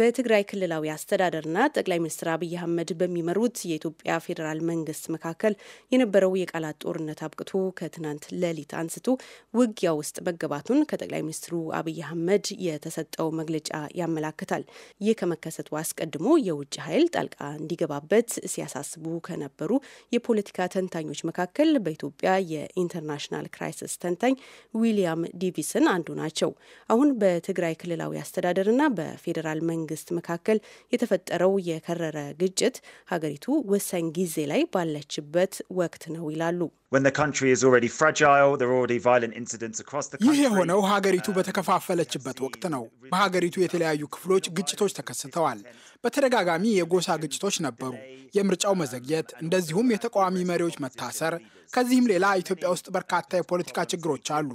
በትግራይ ክልላዊ አስተዳደርና ጠቅላይ ሚኒስትር አብይ አህመድ በሚመሩት የኢትዮጵያ ፌዴራል መንግስት መካከል የነበረው የቃላት ጦርነት አብቅቶ ከትናንት ሌሊት አንስቶ ውጊያ ውስጥ መገባቱን ከጠቅላይ ሚኒስትሩ አብይ አህመድ የተሰጠው መግለጫ ያመላክታል። ይህ ከመከሰቱ አስቀድሞ የውጭ ኃይል ጣልቃ እንዲገባበት ሲያሳስቡ ከነበሩ የፖለቲካ ተንታኞች መካከል በኢትዮጵያ የኢንተርናሽናል ክራይሲስ ተንታኝ ዊሊያም ዲቪስን አንዱ ናቸው። አሁን በትግራይ ክልላዊ አስተዳደርና በፌዴራል መንግስት መንግስት መካከል የተፈጠረው የከረረ ግጭት ሀገሪቱ ወሳኝ ጊዜ ላይ ባለችበት ወቅት ነው ይላሉ። ይህ የሆነው ሀገሪቱ uh, በተከፋፈለችበት ወቅት ነው። በሀገሪቱ የተለያዩ ክፍሎች ግጭቶች ተከስተዋል። በተደጋጋሚ የጎሳ ግጭቶች ነበሩ። የምርጫው መዘግየት፣ እንደዚሁም የተቃዋሚ መሪዎች መታሰር፣ ከዚህም ሌላ ኢትዮጵያ ውስጥ በርካታ የፖለቲካ ችግሮች አሉ።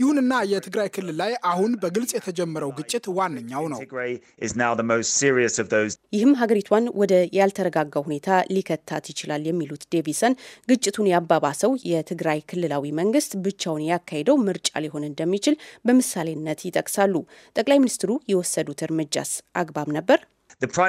ይሁንና የትግራይ ክልል ላይ አሁን በግልጽ የተጀመረው ግጭት ዋነኛው ነው። ይህም ሀገሪቷን ወደ ያልተረጋጋ ሁኔታ ሊከታት ይችላል የሚሉት ዴቪሰን ግጭቱን ያባባሰው የትግራይ ክልላዊ መንግስት ብቻውን ያካሄደው ምርጫ ሊሆን እንደሚችል በምሳሌነት ይጠቅሳሉ። ጠቅላይ ሚኒስትሩ የወሰዱት እርምጃስ አግባብ ነበር? ጠቅላይ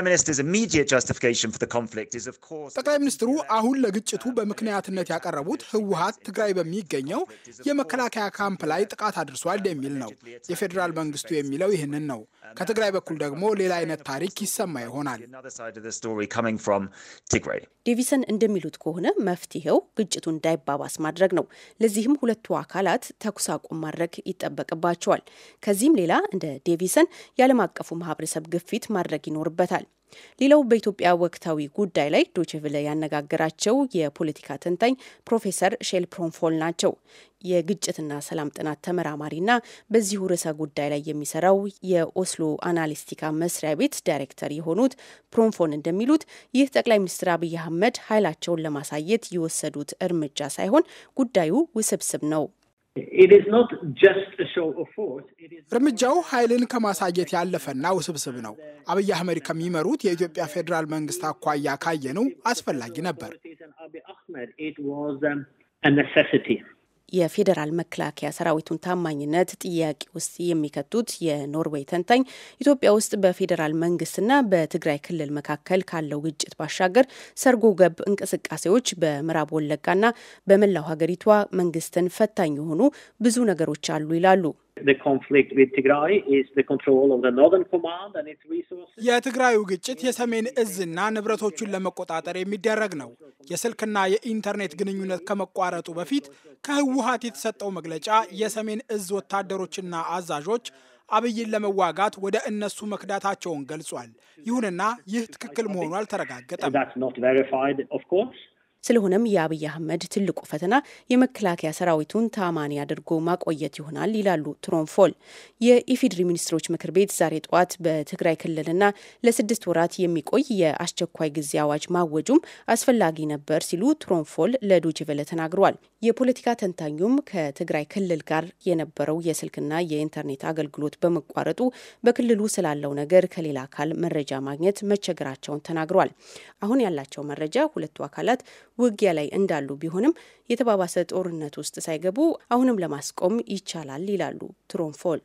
ሚኒስትሩ አሁን ለግጭቱ በምክንያትነት ያቀረቡት ህወሀት ትግራይ በሚገኘው የመከላከያ ካምፕ ላይ ጥቃት አድርሷል የሚል ነው። የፌዴራል መንግስቱ የሚለው ይህንን ነው። ከትግራይ በኩል ደግሞ ሌላ አይነት ታሪክ ይሰማ ይሆናል። ዴቪሰን እንደሚሉት ከሆነ መፍትሄው ግጭቱ እንዳይባባስ ማድረግ ነው። ለዚህም ሁለቱ አካላት ተኩስ አቁም ማድረግ ይጠበቅባቸዋል። ከዚህም ሌላ እንደ ዴቪሰን የዓለም አቀፉ ማህበረሰብ ግፊት ማድረግ ይኖርበት ይገኙበታል። ሌላው በኢትዮጵያ ወቅታዊ ጉዳይ ላይ ዶችቭለ ያነጋገራቸው የፖለቲካ ተንታኝ ፕሮፌሰር ሼል ፕሮንፎል ናቸው። የግጭትና ሰላም ጥናት ተመራማሪና በዚሁ ርዕሰ ጉዳይ ላይ የሚሰራው የኦስሎ አናሊስቲካ መስሪያ ቤት ዳይሬክተር የሆኑት ፕሮንፎን እንደሚሉት ይህ ጠቅላይ ሚኒስትር አብይ አህመድ ኃይላቸውን ለማሳየት የወሰዱት እርምጃ ሳይሆን ጉዳዩ ውስብስብ ነው እርምጃው ኃይልን ከማሳየት ያለፈና ውስብስብ ነው። አብይ አህመድ ከሚመሩት የኢትዮጵያ ፌዴራል መንግስት አኳያ ካየነው አስፈላጊ ነበር። የፌዴራል መከላከያ ሰራዊቱን ታማኝነት ጥያቄ ውስጥ የሚከቱት የኖርዌይ ተንታኝ ኢትዮጵያ ውስጥ በፌዴራል መንግስትና በትግራይ ክልል መካከል ካለው ግጭት ባሻገር ሰርጎ ገብ እንቅስቃሴዎች በምዕራብ ወለጋና በመላው ሀገሪቷ መንግስትን ፈታኝ የሆኑ ብዙ ነገሮች አሉ ይላሉ። የትግራዩ ግጭት የሰሜን እዝና ንብረቶቹን ለመቆጣጠር የሚደረግ ነው። የስልክና የኢንተርኔት ግንኙነት ከመቋረጡ በፊት ከህወሀት የተሰጠው መግለጫ የሰሜን እዝ ወታደሮችና አዛዦች አብይን ለመዋጋት ወደ እነሱ መክዳታቸውን ገልጿል። ይሁንና ይህ ትክክል መሆኑ አልተረጋገጠም። ስለሆነም የአብይ አህመድ ትልቁ ፈተና የመከላከያ ሰራዊቱን ታማኒ አድርጎ ማቆየት ይሆናል ይላሉ ትሮንፎል። የኢፌዴሪ ሚኒስትሮች ምክር ቤት ዛሬ ጠዋት በትግራይ ክልልና ለስድስት ወራት የሚቆይ የአስቸኳይ ጊዜ አዋጅ ማወጁም አስፈላጊ ነበር ሲሉ ትሮንፎል ለዶችቨለ ተናግሯል። የፖለቲካ ተንታኙም ከትግራይ ክልል ጋር የነበረው የስልክና የኢንተርኔት አገልግሎት በመቋረጡ በክልሉ ስላለው ነገር ከሌላ አካል መረጃ ማግኘት መቸገራቸውን ተናግሯል። አሁን ያላቸው መረጃ ሁለቱ አካላት ውጊያ ላይ እንዳሉ ቢሆንም የተባባሰ ጦርነት ውስጥ ሳይገቡ አሁንም ለማስቆም ይቻላል ይላሉ ትሮንፎል።